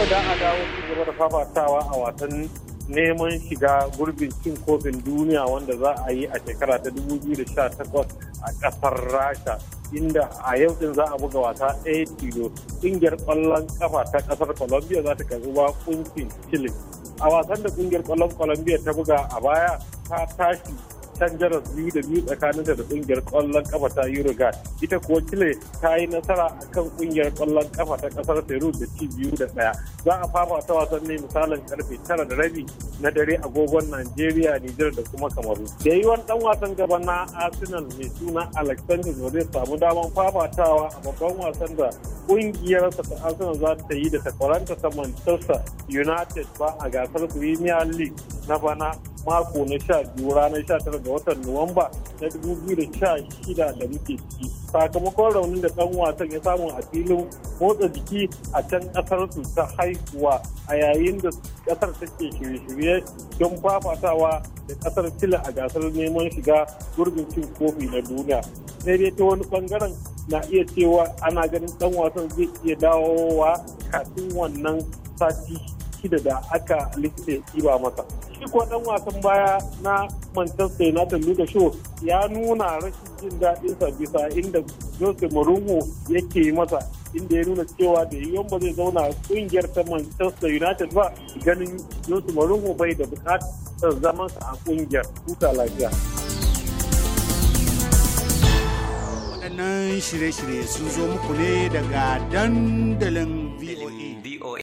yau da a dawo ci gaba da fafatawa a wasan neman shiga gurbin cin kofin duniya wanda za a yi a shekara ta 2018 a kasar rasha inda a yau din za a buga wasa ɗaya tilo ƙungiyar ƙwallon kafa ta kasar colombia za ta karɓi ba kuncin chile a wasan da ƙungiyar ƙwallon colombia ta buga a baya ta tashi jaras biyu da biyu tsakaninta da kungiyar kwallon kafa ta Uruguay. Ita kuwa Chile ta yi nasara a kan kungiyar kwallon kafa ta kasar Peru da ci biyu da ɗaya. Za a fama ta wasan ne misalin karfe tara da rabi na dare agogon Najeriya, Nijar da kuma Kamaru. Da yi wani ɗan wasan gaba na Arsenal mai suna Alexander ba zai samu damar fafatawa a babban wasan da kungiyarsa ta Arsenal za ta yi da takwaranta ta Manchester United ba a gasar Premier League na bana mako na sha biyu ranar sha tara ga watan nuwamba na dubu biyu da sha shida da muke ciki sakamakon raunin da ɗan wasan ya samu a filin motsa jiki a can ƙasarsu su ta haihuwa a yayin da ƙasar take shirye-shirye don fafatawa da ƙasar chile a gasar neman shiga gurbin cin kofi na duniya sai dai ta wani bangaren na iya cewa ana ganin ɗan wasan zai iya dawowa kafin wannan sati shida da aka likita kiba masa. Shi ko ɗan wasan baya na Manchester United Luka Shaw ya nuna rashin jin daɗinsa bisa inda Jose Mourinho yake masa inda ya nuna cewa da yiwuwan ba zai zauna ƙungiyar ta Manchester United ba ganin Jose Mourinho bai da bukatar zamansa a ƙungiyar huta lafiya. Waɗannan shirye-shirye sun zo muku ne daga dandalin VOA.